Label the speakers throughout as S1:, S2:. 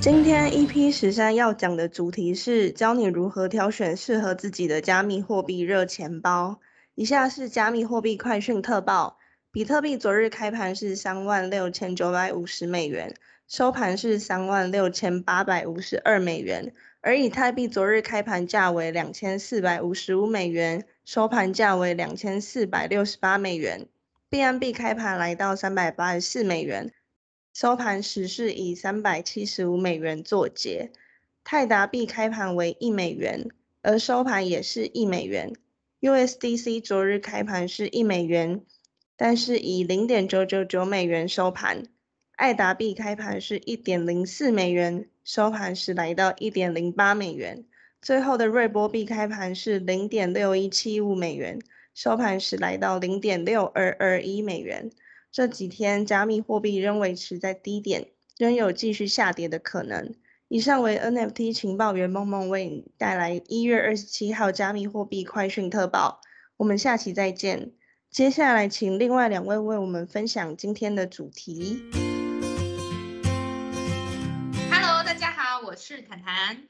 S1: 今天 EP 十三要講的主題是教你如何挑選適合自己的加密貨幣熱錢包。以下是加密貨幣快訊特報：比特幣昨日開盤是三萬六千九百五十美元，收盤是三萬六千八百五十二美元；而以太幣昨日開盤價為兩千四百五十五美元，收盤價為兩千四百六十八美元；幣安幣開盤來到三百八十四美元。收盤時是以三百七十五美元作結，泰達幣開盤為一美元，而收盤也是一美元。USDC 昨日開盤是一美元，但是以零點九九九美元收盤。愛達幣開盤是一點零四美元，收盤時來到一點零八美元。最後的瑞波幣開盤是零點六一七五美元，收盤時來到零點六二二一美元。這幾天加密貨幣仍維持在低點，仍有繼續下跌的可能。以上為 NFT 情報員夢夢為你帶來一月二十七號加密貨幣快訊特報。我們下期再見。接下來請另外兩位為我們分享今天的主題。
S2: Hello，大家好，我是談談。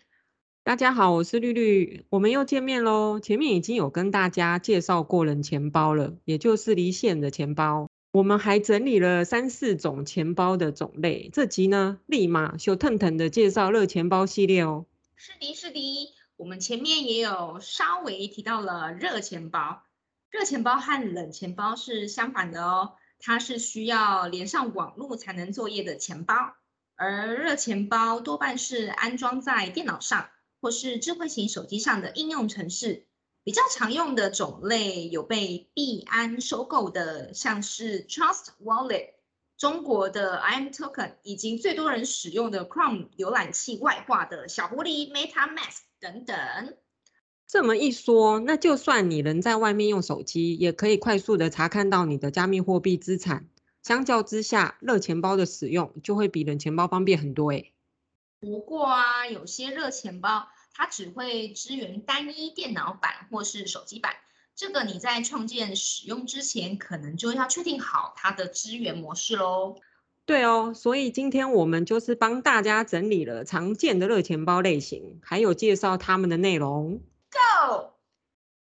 S3: 大家好，我是綠綠。我們又見面嘍。前面已經有跟大家介紹過冷錢包了，也就是離線的錢包。我們還整理了三四種錢包的種類，這集呢，立馬就騰騰的介紹熱錢包系列哦。
S2: 是的，是的，我們前面也有稍微提到了熱錢包。熱錢包和冷錢包是相反的哦，它是需要連上網絡才能作業的錢包，而熱錢包多半是安裝在電腦上或是智慧型手機上的應用程式。比較常用的種類有被幣安收購的，像是 Trust Wallet、中國的 iM Token，以及最多人使用的 Chrome 瀏覽器外掛的小狐狸 MetaMask 等等。
S3: 這麼一說，那就算你人在外面用手機，也可以快速的查看到你的加密貨幣資產。相較之下，熱錢包的使用就會比冷錢包方便很多誒。
S1: 不
S2: 過啊，有些熱錢包，它只會支援單一電腦版或是手機版，這個你在創建使用之前，可能就要確定好它的支援模式嘍。
S3: 對哦，所以今天我們就是幫大家整理了常見的熱錢包類型，還有介紹他們的內容。Go！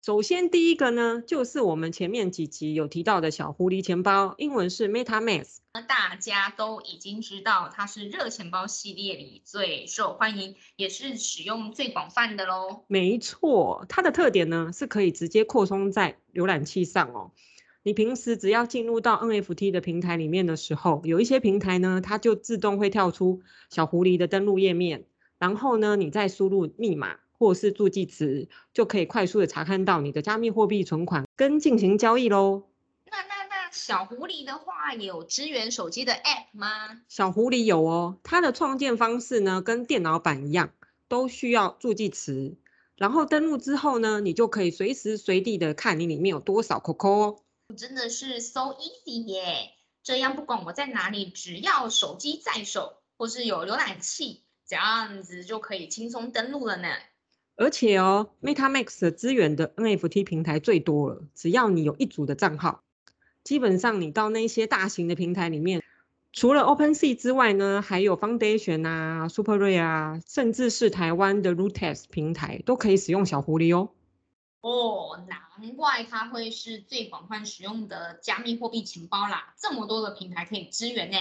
S3: 首先，第一個呢，就是我們前面幾集有提到的小狐狸錢包，英文是 MetaMask，
S2: 那大家都已經知道，它是熱錢包系列裡最受歡迎，也是使用最廣泛的嘍。
S3: 沒錯，它的特點呢，是可以直接擴充在瀏覽器上哦。你平時只要進入到 NFT 的平台裡面的時候，有一些平台呢，它就自動會跳出小狐狸的登錄頁面，然後呢，你再輸入密碼。或是助記詞，就可以快速的查看到你的加密貨幣存款跟進行交易嘍。那
S2: 那那小狐狸的話有支援手機的 App 嗎？
S3: 小狐狸有哦，它的創建方式呢跟電腦版一樣，都需要助記詞。然後登錄之後呢，你就可以隨時隨地的看你裡面有多少扣扣
S2: 哦。真的是 so easy 耶！這樣不管我在哪裡，只要手機在手或是有瀏覽器，這樣子就可以輕鬆登錄了呢。
S3: 而且哦 MetaMask 的支援的 NFT 平台最多了。只要你有一組的賬號，基本上你到那些大型的平台裡面，除了 OpenSea 之外呢，還有 Foundation 啊、SuperRare 啊，甚至是台灣的 Lootex 平台都可以使用小狐狸哦。
S2: 哦，難怪它會是最廣泛使用的加密貨幣錢包啦，這麼多的平台可以支援呢。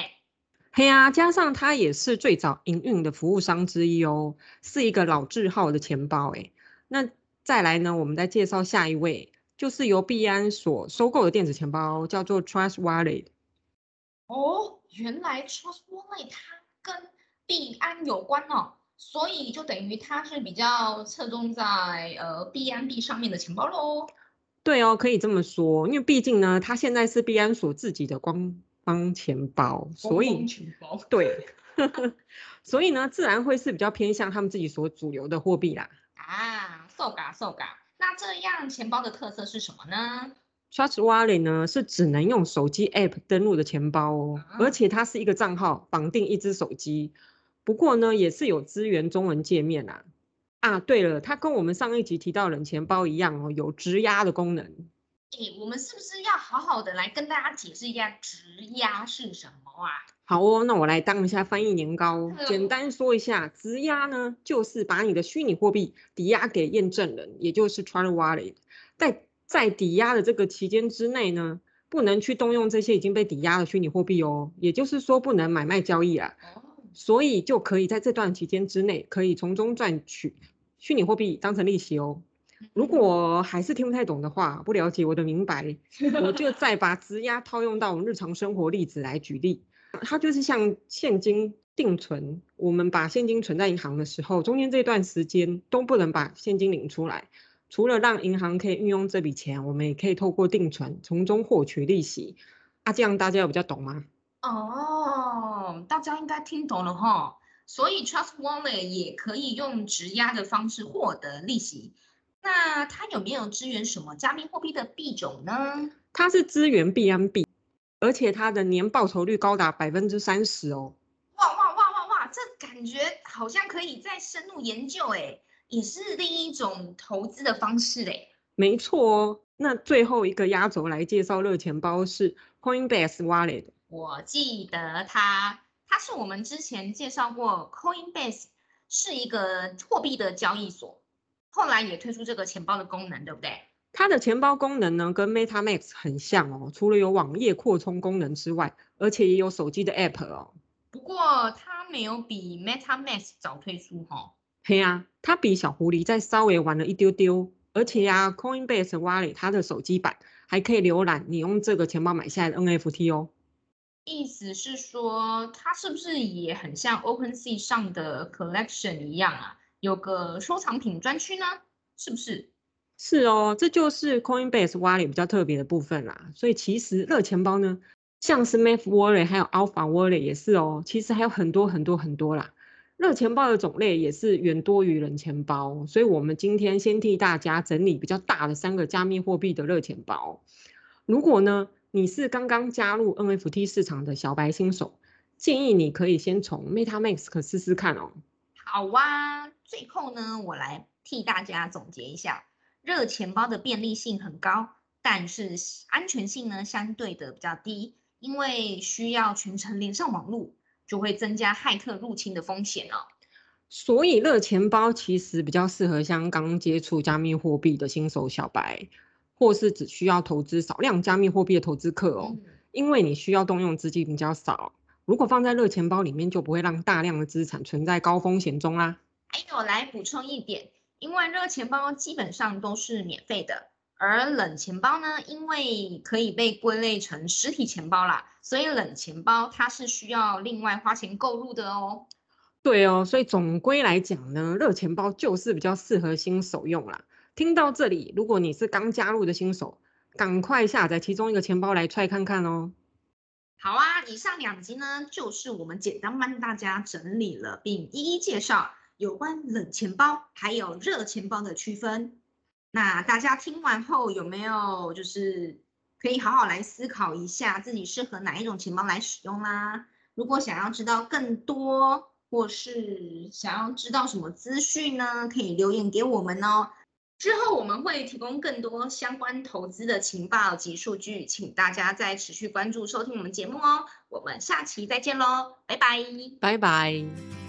S3: 嘿呀、啊，加上它也是最早營運的服務商之一哦，是一個老字號的錢包哎。那再來呢，我們再介紹下一位，就是由幣安所收購的電子錢包，叫做 Trust Wallet。哦，
S2: 原來 Trust Wallet 它跟幣安有關哦，所以就等於它是比較側重在呃幣安幣上面的錢包咯。
S3: 對哦，可以這麼說，因為畢竟呢，它現在是幣安所自己的光。幫錢包，所以幫幫錢包對，呵呵 所以呢，自然會是比較偏向他們自己所主流的貨幣啦。啊，
S2: 搜嘎，搜嘎。那這樣錢包的特色是
S3: 什麼呢？Trust Wallet 呢是只能用手機 App 登錄的錢包哦，啊、而且它是一個賬號綁定一隻手機。不過呢，也是有支援中文界面啦、啊。啊，對了，它跟我們上一集提到的冷錢包一樣哦，有質押的功能。
S2: 哎，我們是不是要好好的來跟大家解釋一
S3: 下質押是什麼啊？好哦，那我來當一下翻譯年糕，呵簡單說一下，質押呢，就是把你的虛擬貨幣抵押給驗證人，也就是 Trust Wallet，在在抵押的這個期間之內呢，不能去動用這些已經被抵押的虛擬貨幣哦，也就是說不能買賣交易啊，哦、所以就可以在這段期間之內，可以從中賺取虛擬貨幣當成利息哦。 如果還是聽不太懂的話，不了解我的明白，我就再把質押套用到我們日常生活例子來舉例。它就是像現金定存，我們把現金存在銀行的時候，中間這段時間都不能把現金領出來，除了讓銀行可以運用這筆錢，我們也可以透過定存從中獲取利息。阿這樣大家有比較
S2: 懂嗎？哦，大家應該聽懂了哈。所以 Trust Wallet 也可以用質押的方式獲得利息。那它有沒有支援什麼加密貨幣的幣種呢？
S3: 它是支援 BNB 幣，B，而且它的年報酬率高達百分之三十哦！
S2: 哇哇哇哇哇，這感覺好像可以再深入研究哎，也是另一種投資的方式嘞。
S3: 沒錯哦，那最後一個壓軸來介紹熱錢包是 Coinbase Wallet。
S2: 我記得它，它是我們之前介紹過，Coinbase 是一個貨幣的交易所。後來也推出這個錢包的功能，對不對？
S3: 它的錢包功能呢，跟 MetaMask 很像哦，除了有網頁擴充功能之外，而且也有手機的 App 哦。
S2: 不過它沒有比 MetaMask 早推出哈、哦。
S3: 對啊，它比小狐狸再稍微晚了一丟丟。而且啊，Coinbase Wallet 它的手機版還可以瀏覽你用這個錢包買下來的 NFT 哦。意
S2: 思是說，它是不是也很像 OpenSea 上的 Collection 一樣啊？有個收藏品專區呢，
S3: 是不是？是哦，這就是 Coinbase Wallet 比較特別的部分啦。所以其實熱錢包呢，像是 Math Wallet，還有 Alpha Wallet 也是哦。其實還有很多很多很多啦，熱錢包的種類也是遠多於冷錢包。所以我們今天先替大家整理比較大的三個加密貨幣的熱錢包。如果呢你是剛剛加入 NFT 市場的小白新手，建議你可以先從 MetaMask 試試看哦。
S2: 好哇、啊，最後呢，我來替大家總結一下，熱錢包的便利性很高，但是安全性呢相對的比較低，因為需要全程連上網絡，就會增加駭客入侵的風險哦。
S3: 所以熱錢包其實比較適合像剛接觸加密貨幣的新手小白，或是只需要投資少量加密貨幣的投資客哦，嗯、因為你需要動用資金比較少。如果放在熱錢包裡面，就不會讓大量的資產存在高風險中啦，
S2: 啊。還有，來補充一點，因為熱錢包基本上都是免費的，而冷錢包呢，因為可以被歸類成實體錢包啦，所以冷錢包它是需要另外花錢購入的哦。
S3: 對哦，所以總歸來講呢，熱錢包就是比較適合新手用啦。聽到這裡，如果你是剛加入的新手，趕快下載其中一個錢包來踹看看哦。
S2: 好啊，以上兩集呢，就是我們簡單幫大家整理了，並一一介紹有關冷錢包還有熱錢包的區分。那大家聽完後，有沒有就是可以好好來思考一下自己適合哪一種錢包來使用啦？如果想要知道更多，或是想要知道什麼資訊呢，可以留言給我們哦。之後我們會提供更多相關投資的情報及數據，請大家再持續關注收聽我們節目哦。我們下期再見嘍，拜拜，
S3: 拜拜。